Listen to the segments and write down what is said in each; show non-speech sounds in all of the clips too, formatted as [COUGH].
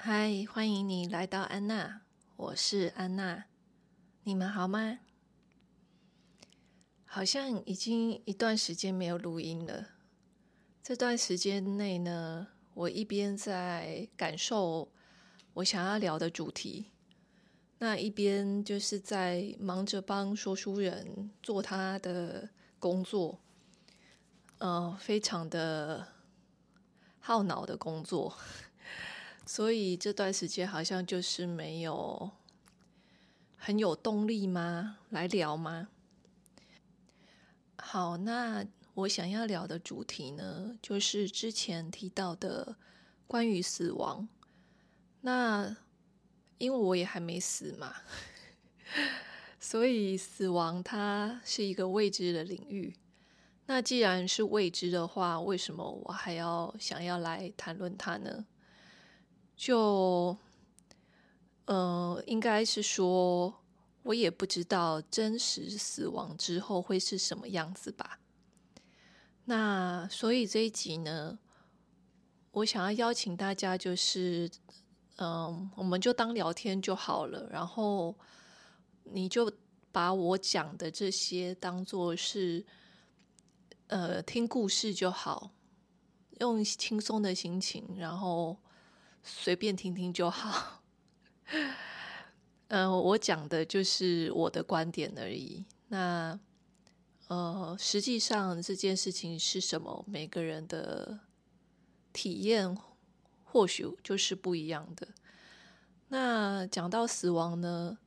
嗨，Hi, 歡迎你來到安納，我是安納。你們好嗎？好像已經一段時間沒有錄音了。這段時間內呢，我一邊在感受我想要聊的主題，那一邊就是在忙着幫說書人做他的工作，呃，非常的耗腦的工作。所以這段時間好像就是沒有很有動力嗎？來聊嗎？好，那我想要聊的主題呢，就是之前提到的關於死亡。那因為我也還沒死嘛， [LAUGHS] 所以死亡它是一個未知的領域。那既然是未知的話，為什麼我還要想要來談論它呢？就，呃，應該是說，我也不知道真實死亡之後會是什麼樣子吧。那所以這一集呢，我想要邀請大家，就是，嗯、呃，我們就當聊天就好了。然後你就把我講的這些當作是，呃，聽故事就好，用輕鬆的心情，然後。隨便聽聽就好。嗯、呃，我講的就是我的觀點而已。那呃，實際上這件事情是什麼，每個人的體驗或許就是不一樣的。那講到死亡呢？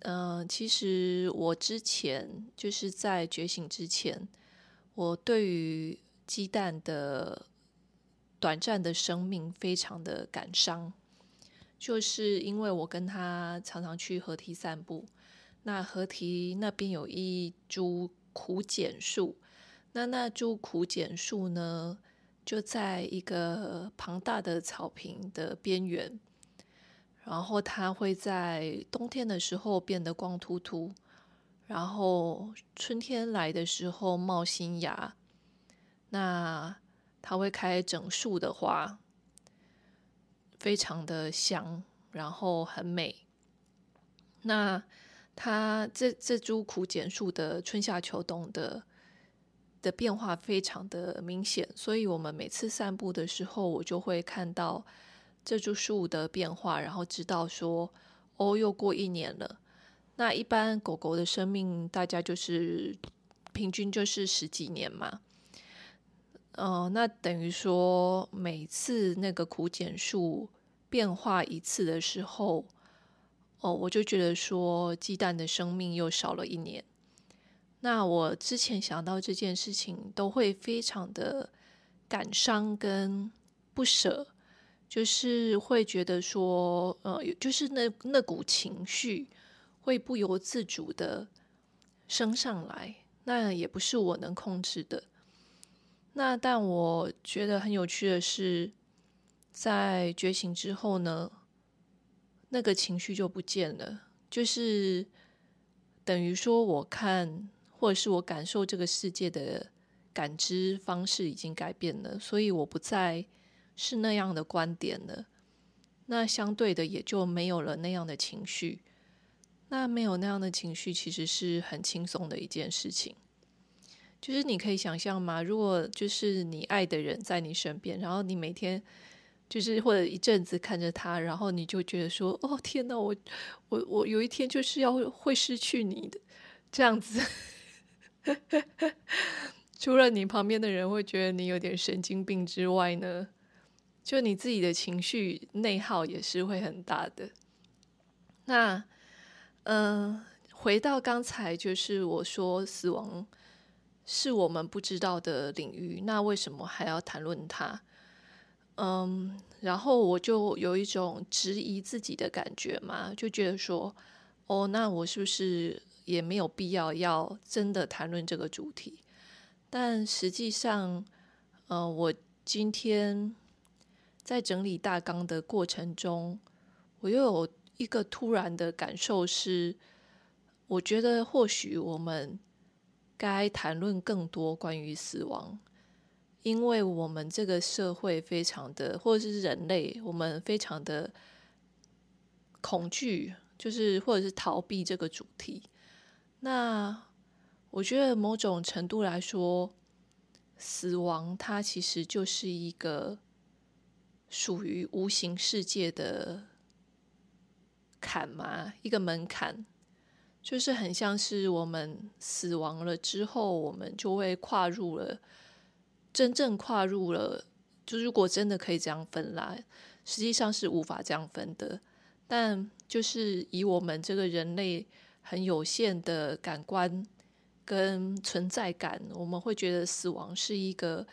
嗯、呃，其實我之前就是在覺醒之前，我對於雞蛋的。短暫的生命非常的感傷，就是因為我跟他常常去河堤散步，那河堤那邊有一株苦楝樹，那那株苦楝樹呢，就在一個龐大的草坪的邊緣，然後它會在冬天的時候變得光禿禿，然後春天來的時候冒新芽，那。它會開整樹的花，非常的香，然後很美。那它這這株苦楝樹的春夏秋冬的的變化非常的明顯，所以我們每次散步的時候，我就會看到這株樹的變化，然後知道說，哦，又過一年了。那一般狗狗的生命，大家就是平均就是十幾年嘛。呃，那等於說每次那個苦楝樹變化一次的時候，哦，我就覺得說雞蛋的生命又少了一年。那我之前想到這件事情，都會非常的感傷跟不舍，就是會覺得說，呃，就是那那股情緒會不由自主的升上來，那也不是我能控制的。那但我覺得很有趣的是，在覺醒之後呢，那個情緒就不見了。就是等於說，我看或者是我感受這個世界的感知方式已經改變了，所以我不再是那樣的觀點了。那相對的也就沒有了那樣的情緒。那沒有那樣的情緒，其實是很輕鬆的一件事情。就是你可以想象嗎？如果就是你愛的人在你身邊，然後你每天就是或者一陣子看着他，然後你就覺得說：“哦，天哪，我我我有一天就是要會失去你的。”這樣子呵呵呵，除了你旁邊的人會覺得你有點神經病之外呢，就你自己的情緒內耗也是會很大的。那嗯、呃，回到剛才就是我說死亡，是我們不知道的領域，那為什麼還要談論它？嗯，然後我就有一種質疑自己的感覺嘛，就覺得說，哦，那我是不是也沒有必要要真的談論這個主題？但實際上，嗯，我今天在整理大綱的過程中，我又有一個突然的感受是，我覺得或許我們。該談論更多關於死亡，因為我們這個社會非常的，或者是人類，我們非常的恐懼，就是或者是逃避這個主題。那我覺得某種程度來說，死亡它其實就是一個屬於無形世界的坎嘛，一個門檻。就是很像是我們死亡了之後，我們就會跨入了，真正跨入了。就如果真的可以這樣分來，實際上是無法這樣分的。但就是以我們這個人類很有限的感官跟存在感，我們會覺得死亡是一個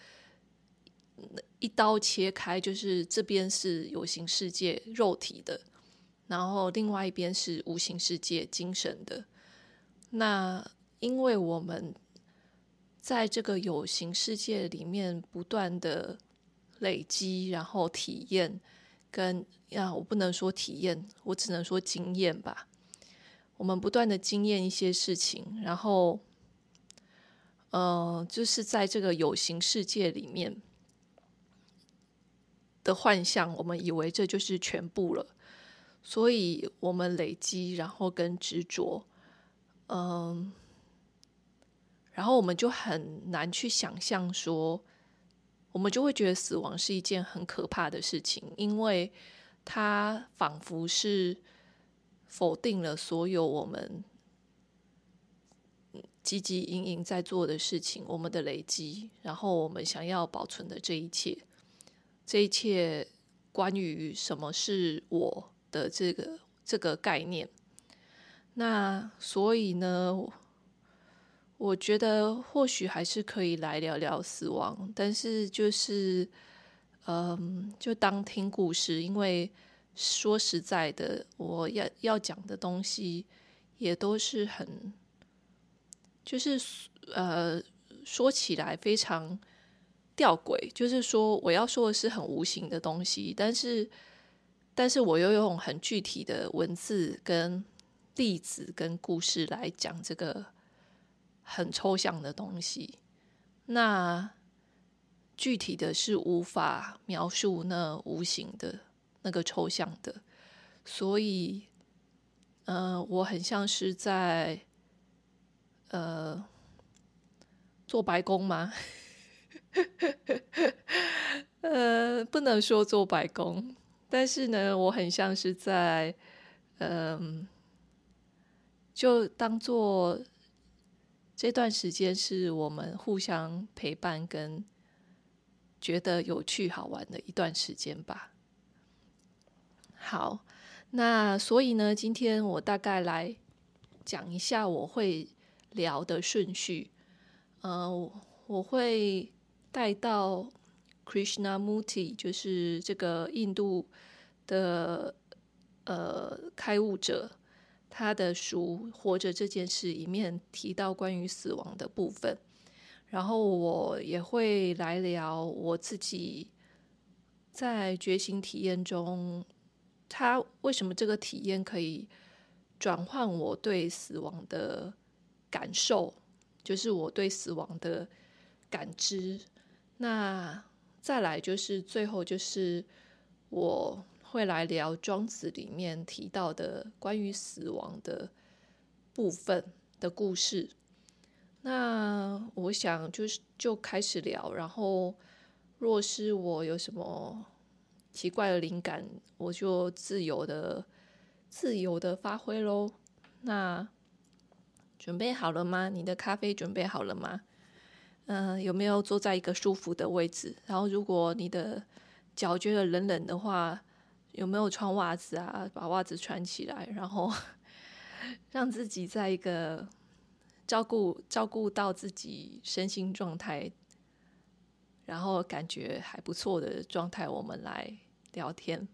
一刀切開，就是這邊是有形世界肉體的。然後，另外一邊是無形世界，精神的。那因為我們在這個有形世界裡面不斷的累積，然後體驗跟，跟、啊、呀，我不能說體驗，我只能說經驗吧。我們不斷的經驗一些事情，然後，呃，就是在這個有形世界裡面的幻象，我們以為這就是全部了。所以，我們累積，然後跟執着，嗯，然後我們就很難去想象說，我們就會覺得死亡是一件很可怕的事情，因為它仿佛是否定了所有我們汲汲營營在做的事情，我們的累積，然後我們想要保存的這一切，這一切關於什麼是我。的這個這個概念，那所以呢，我，我覺得或許還是可以來聊聊死亡，但是就是，嗯，就當聽故事，因為說實在的，我要要講的東西也都是很，就是呃，說起來非常吊詭，就是說我要說的是很無形的東西，但是。但是我又用很具體的文字、跟例子、跟故事來講這個很抽象的東西，那具體的是無法描述那無形的、那個抽象的，所以，呃，我很像是在，呃，做白工嗎？ [LAUGHS] 呃，不能說做白工。但是呢，我很像是在，嗯、呃，就當做這段時間是我們互相陪伴跟覺得有趣好玩的一段時間吧。好，那所以呢，今天我大概來講一下我會聊的順序，嗯、呃，我會帶到。Krishnamurti 就是這個印度的呃開悟者，他的書《活着這件事》裡面提到關於死亡的部分。然後我也會來聊我自己在覺醒體驗中，他為什麼這個體驗可以轉換我對死亡的感受，就是我對死亡的感知。那再來就是最後就是我會來聊莊子裡面提到的關於死亡的部分的故事。那我想就是就開始聊，然後若是我有什麼奇怪的靈感，我就自由的自由的發揮嘍。那準備好了嗎？你的咖啡準備好了嗎？嗯，有沒有坐在一個舒服的位置？然後，如果你的腳覺得冷冷的話，有沒有穿襪子啊？把襪子穿起來，然後讓自己在一個照顧照顧到自己身心狀態，然後感覺還不錯的狀態，我們來聊天。